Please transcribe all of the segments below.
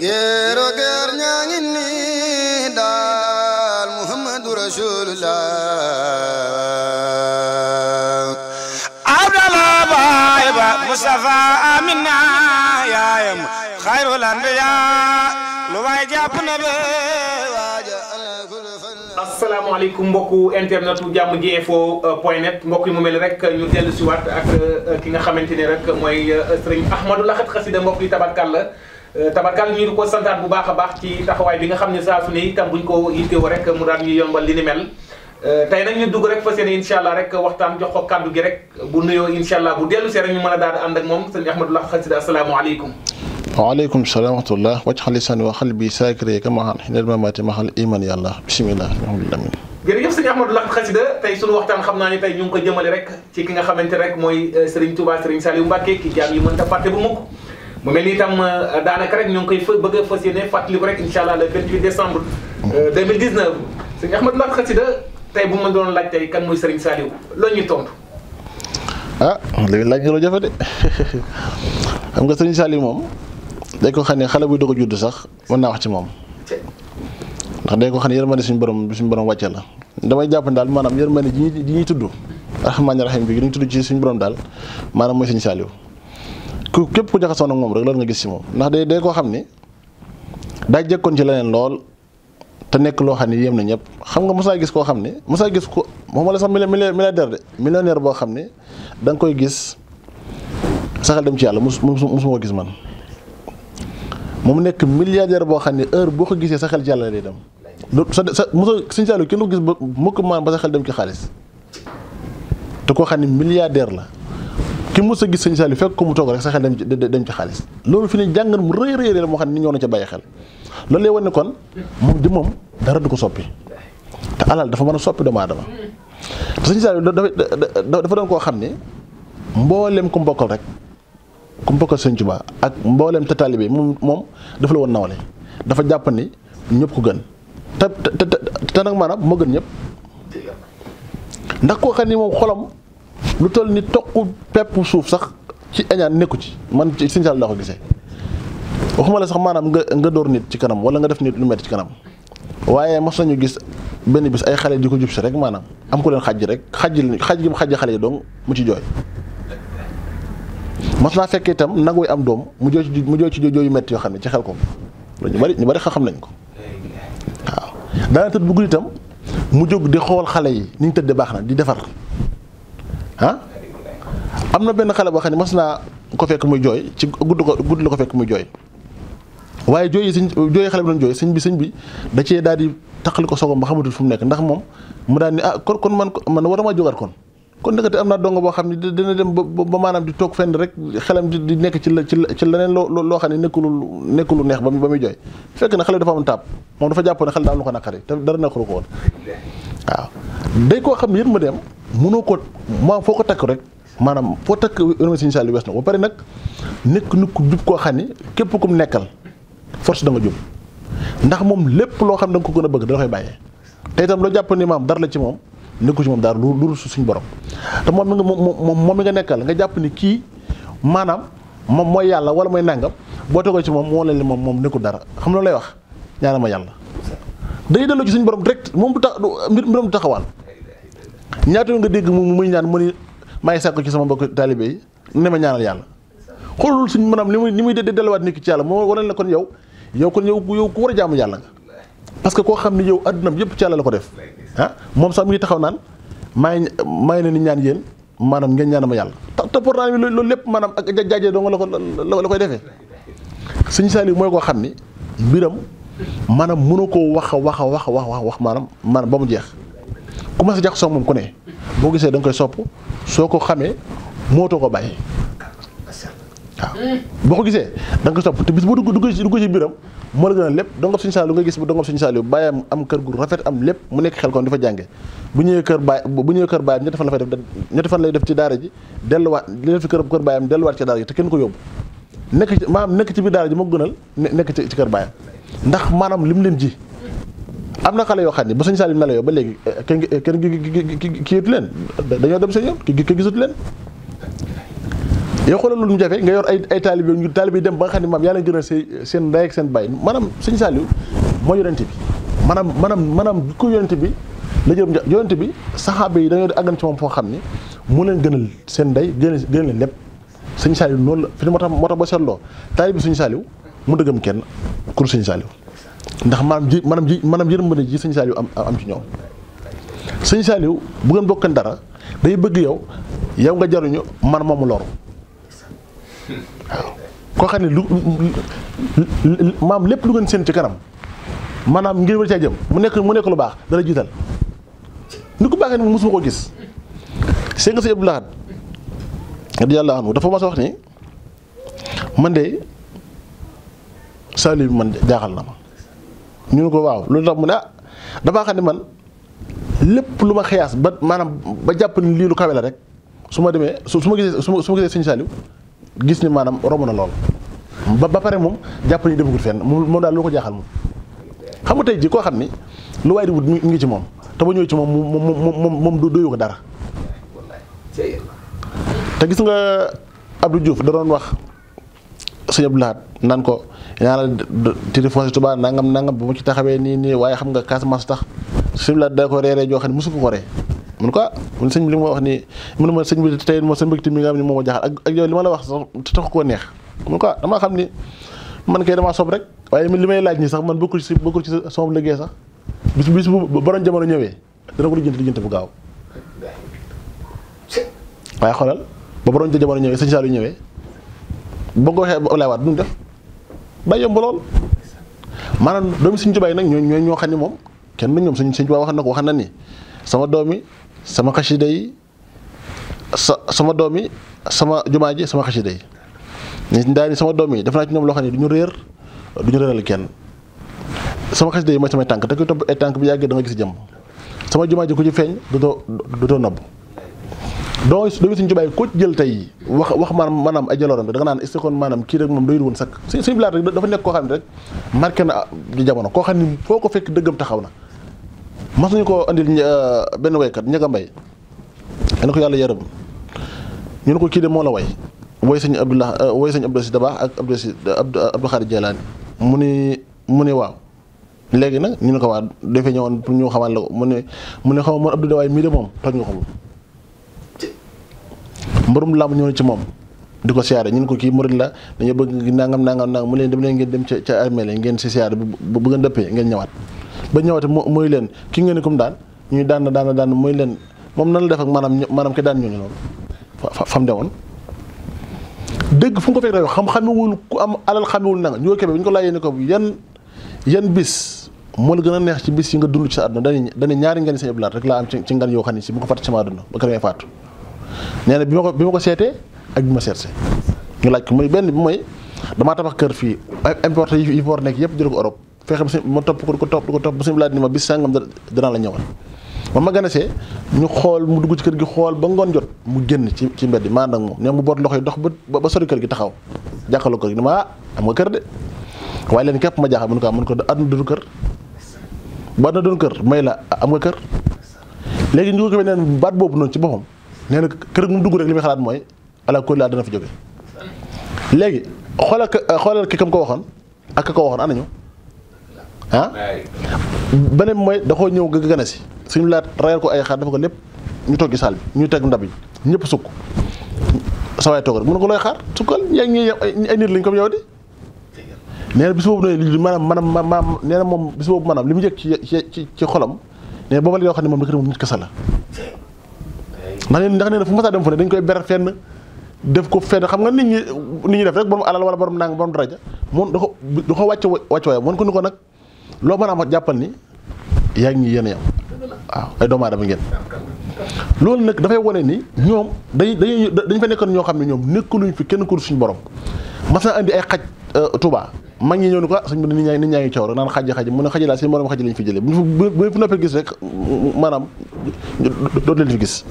geero geer ñaa ngi nii daal muhammadu rasulullah abdallah baay mustafa amina yaayam xayrul anbiya lu waay jàpp na be asalaamaaleykum mbokku internet bu jàmm ji info euh, point net yi mu mel rek ñu dellu si waat ak euh, ki nga xamante ni rek mooy euh, sëriñ Ahmadou Lahat xasida mbokk yi tabarkàlla Euh, tabarkal ñu ngi ko santaat bu baax a baax ci taxawaay bi nga xam ne saa su ne itam buñ ko yittewoo rek mu daan ñu yombal li ni mel euh, tey nag ñu dugg rek waxtaan jox ko kàddu gi rek bu nuyoo incha allah bu dellu see rek ñu mën a daal di ànd ak moom sëñ Ahmadou Lakh Khassida asalaamaaleykum waaleykum salaam wa rahmatullah wajxal lisaani wa xal waxtaan xam naa ne tey ñu ko jëmale rek ci ki nga xam rek mooy euh, Serigne Touba Serigne Saliou Mbacké yi mën ta fàtte mu mel ni itam euh, daanaka rek ñu ngi koy bëgg a fas yéene fàttali rek incha allah le 28 décembre. 2019 euh, mm-hmm. sëñ Ahmad Ndaat Xasida tey bu ma doon laaj tey kan mooy Serigne Saliou loolu ñuy tontu. ah léegi laaj nga loo jafe xam nga Serigne Saliou moom dañ ko xam ne xale buy doog a judd sax mën naa wax ci moom. ndax dañ ko xam ne yërmande suñu borom suñu borom wàcce la. damay jàpp ne daal maanaam yërmande ji ñuy ji ñuy tudd rahmaani rahim bi ñu tudd ci suñu borom daal maanaam mooy Serigne Saliou. ku képp ku jaxasoo nag moom rek loolu nga gis ci moom ndax day day koo xam ni daay jekkoon ci leneen lool te nekk loo xam ne yéem na ñëpp xam nga mos gis koo xam ne mos naa gis ko moom la sax milliardaire de millionnaire boo xam ne da koy gis saxal ci yàlla mos mosuma gis man moom nekk milliardaire boo xam ne heure boo ko gisee sa xel ci yàlla lay dem sa sa mosoo suñu saalu kenn ko gis ba mukk maan ba sa xel dem ci xaalis te koo xam ne milliardaire la ki mos a gis sëñ Saliou fekk ko mu toog rek sa xel dem ci xaalis loolu fi ne jàngat mu rëy rëy la moo xam ne ni ñoo na moom di ko soppi te dafa mën a soppi doomu aadama te dafa dafa doon koo xam ne mboolem ku mbokkal rek ku mbokkal sëñ Tuubaa ak mboolem te taalibe moom moom la woon nawle dafa jàpp ni ñëpp ko gën te te te nag maanaam moo gën ñëpp ndax koo xam ni moom xolam. lu toll ni toq pepp suuf sax ci eñaan nekku ci man ci Sëñ Saaliw laa ko gisee waxuma la sax maanaam nga nga door nit ci kanam wala nga def nit lu metti ci kanam waaye mos ñu gis benn bis ay xale di ko jub si rek maanaam am ku leen xajji rek xajji lañ xaj gi mu xajji xale yi dong mu ci jooy mos naa fekkee itam nag wuy am doom mu jooy ci mu jooy ci jooy yu metti yoo xam ne ci xel ko ñu bari ñu bari xam nañ ko waaw daana tëdd bu guddi itam mu jóg di xool xale yi ni tëddee baax na di defar am na benn xale boo xam ne mas naa ko fekk muy jooy ci gudd ko gudd la ko fekk muy jooy waaye jooy yi sëñ jooy xale bi doon jooy sëñ bi sëñ bi da cee daal di taqali ko sogom ba xamatul fu mu nekk ndax moom mu daal ni ah kon kon man man war a maa jógaat kon kon nekkati am naa dongo boo xam ne dina dem ba maanaam di toog fenn rek xelam di nekk ci la ci leneen loo xam ne nekkul nekkul neex ba muy ba muy jooy fekk na xale dafa am taab moom dafa jàppoon ne xale daa am lu ko naqari te dara nekkul ko woon waaw day koo xam ne dem munoo ko maanaam foo ko takk rek maanaam foo takk université incha allah wees na ba pare nag nekk nit ku jub koo xam ne képp mu nekkal force da jub ndax moom lépp loo xam ne da ko gën a bëgg da la koy bàyyee te itam loo jàpp ni maam dara la ci moom nekku ci moom dara lu lu suñ borom moom mi nga moom moom mi nga nekkal nga jàpp ni kii maanaam moom yàlla wala mooy nangam boo tegoo ci moom moo leen moom moom nekkul dara xam nga lay wax ñaanal ma yàlla. day delloo ci suñu borom direct moom du tax mbiram du taxawaan ñaata yoon nga dégg mu muy ñaan mu ni maay sàkku ci sama mbokk taalibe yi ne ma ñaanal yàlla xoolul suñ maanaam li muy li muy delluwaat nit ki ci yàlla moo waral la kon yow yow kon yow a jaamu yàlla que koo xam ni yow addunam yëpp ci yàlla la ko def ah moom sax mu ngi taxaw naan maay may leen ni ñaan yéen maanaam ngeen ñaan ma yàlla te pourtant loolu lépp maanaam ak jaajee doo nga la ko la koy defee suñu Saliou mooy koo xam ni mbiram maanaam mënu koo wax a wax a wax a wax maanaam maanaam ba mu jeex ku ma sa jax soo moom ku ne boo gisee da koy sopp soo ko xamee mootoo ko bàyyi waaw boo ko gisee da nga koy sopp te bis boo dugg dugg ci biram moo la gën a lépp dongob suñu saal lu nga gis bu dongob suñu saal yu bàyyam am kër gu rafet am lépp mu nekk xel kon di fa jànge bu ñëwee kër baay bu ñëwee kër baayam ñetti fan la fay def ñetti fan lay def ci daara ji delluwaat li def ci kër kër baayam delluwaat ci daara te kenn ko yóbbu nekk ci maanaam nekk ci biir daara ji moo gënal nekk ci kër baayam ndax maanaam lim leen ji am na xale yoo xam ne ba sëñ Salim na la yow ba léegi eh, kenn eh, kenn kiyatu leen dañoo dem seen yoon ki gisatu leen yow xoolal lu mu jafe nga yor ay ay taalibe ñu taalibe dem ba nga xam ne maam yàlla gën a seen ndey ak seen bàyyi maanaam sëñ Saliou moo yonent bi maanaam maanaam maanaam ku yonent bi la jëm yonent bi saxaaba yi dañoo di àggan ci moom foo xam ne mu leen gënal seen ndey gën gënal leen lépp sëñ Saliou noonu la fi moo tax moo tax ba seetloo taalibe sëñ Saliou mu dëggam kenn kur sëñ Saliou ndax maam ji maanaam ji maanaam yërmande ji sëñ Saliou am am ci ñoom sëñ Saliou bu ngeen bokkan dara day bëgg yow yow nga jaruñu man moomu loru koo xam ne lu maam lépp lu ngeen seen ci kanam maanaam ngir war caa jëm mu nekk mu nekk lu baax dala jiital ni ko baaxee ni mosuma koo gis sëñ nga sëñ Abdou Lahad radiyallahu anhu dafa mas a wax ni man de Saliou bi man jaaxal na ma ñu ne ko waaw loolu tax mu ne ah damaa xam ne man lépp lu ma xiyaas ba maanaam ba jàpp ni lii lu kawe la rek su ma demee su ma gisee su ma gisee sëñ Saliou gis ni maanaam romb na lool. ba ba pare moom jàpp ni defagul fenn moom daal loo ko jaaxal moom xam nga tey jii koo xam ni lu waay di wut mu ngi ci moom te ma ñëwee ci moom moom moom moom du ko dara. te gis nga Abdou Diouf da doon wax sëñ Abdou laat naan ko. yaa la téléphone nangam nangam bu ma ci taxawee nii nii waaye xam nga Casamance tax su la da ko reeree joo xam ne mosu ko ko ree mun ko mun sëñ bi li ma wax nii mun ma sëñ bi tey ma sa mbégte nga xam ne moo ma jaaxal ak ak yow la wax sax tax koo neex mun ko damaa xam ni man kay damaa sob rek waaye li may laaj nii sax man bokkul si bokkul ci sama liggéey sax bis bis bu borom jamono ñëwee dana ko lijjanti lijjanti bu gaaw waaye xoolal ba borom jamono ñëwee sëñ Saliou ñëwee boo ko waxee Ablaye Wade du def day yomb lool maanaam doomi Sëñ Tuubaa nag ñooñu ñoo xam ne moom kenn du ñoom Sëñ Sëñ Tuubaa wax na ko wax na ni sama doomi sama xasida yi sa sama doomi sama jumaa sama xasida yi daal ni sama doom yi def naa ci ñoom loo xam ne du ñu réer du ñu réeral kenn sama xasida yi mooy samay tànk te kuy topp ay tànk bi yàggee da nga gis jëm sama jumaa ji ku ci feeñ du too du too nobb doo doomi suñu tubaay ko jël tey wax wax maanaam maanaam ay jaloram da nga naan est-ce que kon maanaam kii rek moom doyul woon sakk si suñu bilaat rek dafa nekk koo xam ne rek marqué na di jamono koo xam ne foo ko fekk dëggam taxaw na mas nañu ko andil euh, benn waykat ñaga mbay yal na ko yàlla yërëm ñu ne ko kii de moo la way way sëñ Abdullah euh, way sëñ Abdou Aziz Dabakh ak euh, Abdou Aziz Abdou Khadir Jeylaani mu ni mu ni waaw léegi nag ñu ne ko waa dafay ñëwoon pour ñu xamal mu ne mu ne xaw ma moom Abdou Dawaay mii de moom toj nga ko mbërum làmb ñëw na ci moom di ko siyaare ñun ko kii murid la dañoo bëgg nangam nangam nangam mu leen dem leen ngeen dem ca ca armée ngeen si siyaare bu bu ngeen dëppee ngeen ñëwaat ba ñëwaatee mooy leen ki ngeen ni comme daan ñuy daan daan daan mooy leen moom nan la def maanaam maanaam ki daan ñooñu loolu fa fa mu demoon dégg fu ko fekk rek xam-xamewul ku am alal xamewul nanga ñu ko kebe bi ko laajee ne ko yan yan bis moo a neex ci bis yi nga dund ci sa àdduna dañuy dañuy ñaari ngan seen laa am ci ngan yoo xam ne si bu ko fàtte sama àdduna ba ka faatu nee na bi ma ko bi ma ko seetee ak bi ma seetsee ñu laaj ko muy benn bi mooy damaa tabax kër fii importé yi fi war nekk yëpp jël ko Europe fexe ba ma topp ko ko topp ko topp ba suñu laaj ni ma bis sàngam danaa la ñëwal. ba ma ganasee ñu xool mu dugg ci kër gi xool ba ngoon jot mu génn ci ci mbedd maa nag moom nee mu boot loxo yi dox ba ba sori kër gi taxaw jàkkaarloo ko gi ni ma ah, am nga kër de waaye leen képp ma jaaxal mën ko am ah, mën ko àdduna dunu kër ba àdduna dunu kër may la ah, am nga kër léegi ñu ko neen baat boobu noonu ci boppam nee na kër gu mu dugg rek li muy xalaat mooy ala kulli laa dana fi jóge léegi xoolal euh, xoolal ki kam ko waxoon ak ka ko waxoon ana ñu ah. beneen mooy da koo ñëw nga gane si suñu laat rayal ko ay xaar dafa ko lépp ñu toog ci saal bi ñu teg ndab yi ñëpp sukk sa waay toog rek mën ko looy xaar sukkal yaa ngi ñuy ay nit lañ comme yow di. nee na bis boobu noonu maanaam maanaam maanaam nee na moom bis boobu maanaam li mu yëg ci ci ci xolam nee na booba la yoo xam ne moom la kër moom nit kese la. ndax nee ndax nee na fu masa dem fu ne dañ koy ber fenn def ko fenn xam nga nit ñi nit ñi def rek mu alal wala borom nang borom daraja moom da ko da ko wàcc wàcc waaye mën ko ni ko nag loo mën a am jàppal ni yaa ñi yéen a yam waaw ay doomu aadama ngeen loolu nag dafay wane ni ñoom dañuy dañuy dañu fa nekkoon ñoo xam ne ñoom luñ fi kenn ku suñu borom mas na andi ay xaj euh, Touba mag ñi ñëw ni ko ah sëñ bi nit ñaa nit ñaa ngi coow rek naan xaji xaji mu ne xaji laa seen gis rek maanaam dootu leen fi gis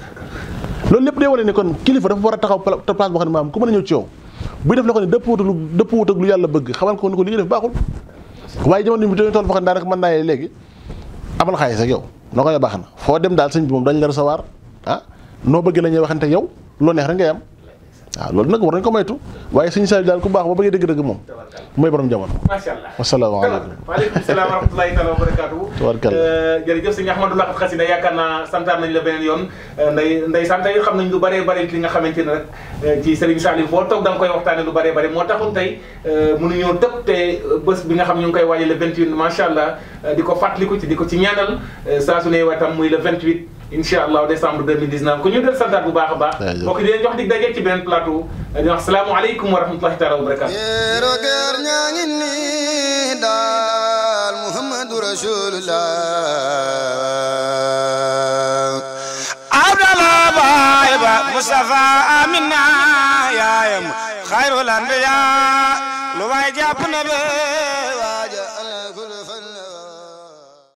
loolu kilifa dafa war a taxaw place boo xam a ñëw ci yow buy def la ko ne dëpp wut lu dëpp wut ak bëgg xamal ko ni ko li nga def baaxul waaye jamono bi toll foo xam ne daanaka amal xaalis ak yow noo koy baax na foo dem daal sëñ bi moom dañ la recevoir ah noo bëgg la ñuy waxante yow loo neex rek ngay am waaw ah, loolu nag war nañ ko moytu waaye suñu saa yi daal ku baax ba bëggee dëgg-dëgg moom mooy borom jamono. macha allah wasalaamaaleykum. waaleykum salaam wa rahmatulahi taala wa barakaatu. tubarkal eh, jërëjëf sëñ Ahmadou Lakhat Khassida yaakaar naa santaar nañ la beneen yoon eh, nday nday sant yi xam nañ lu bëree bëri li nga xamante ne rek eh, ci Serigne Saliou boo toog da nga koy waxtaane lu bëree bëri moo taxoon tey mënuñoo tëb te bés bi nga xam ñu ngi koy waajal le 28 macha allah di ko fàttaliku ci di ko ci ñaanal saa su ne waatam muy le 28 incha allah décembre 2019 ku ñu del santaat bu baax a baax. mbokk di leen jox dig daje ci benn plateau di wax salaamualeykum wa rahmatullahi taala wa barakaatu. rogeer ñaa ngi nii daal Muhammadu Rasulullah. Abdallah baay ba Mustafa Amina yaayam xayrul anbiya lu waay jàpp na be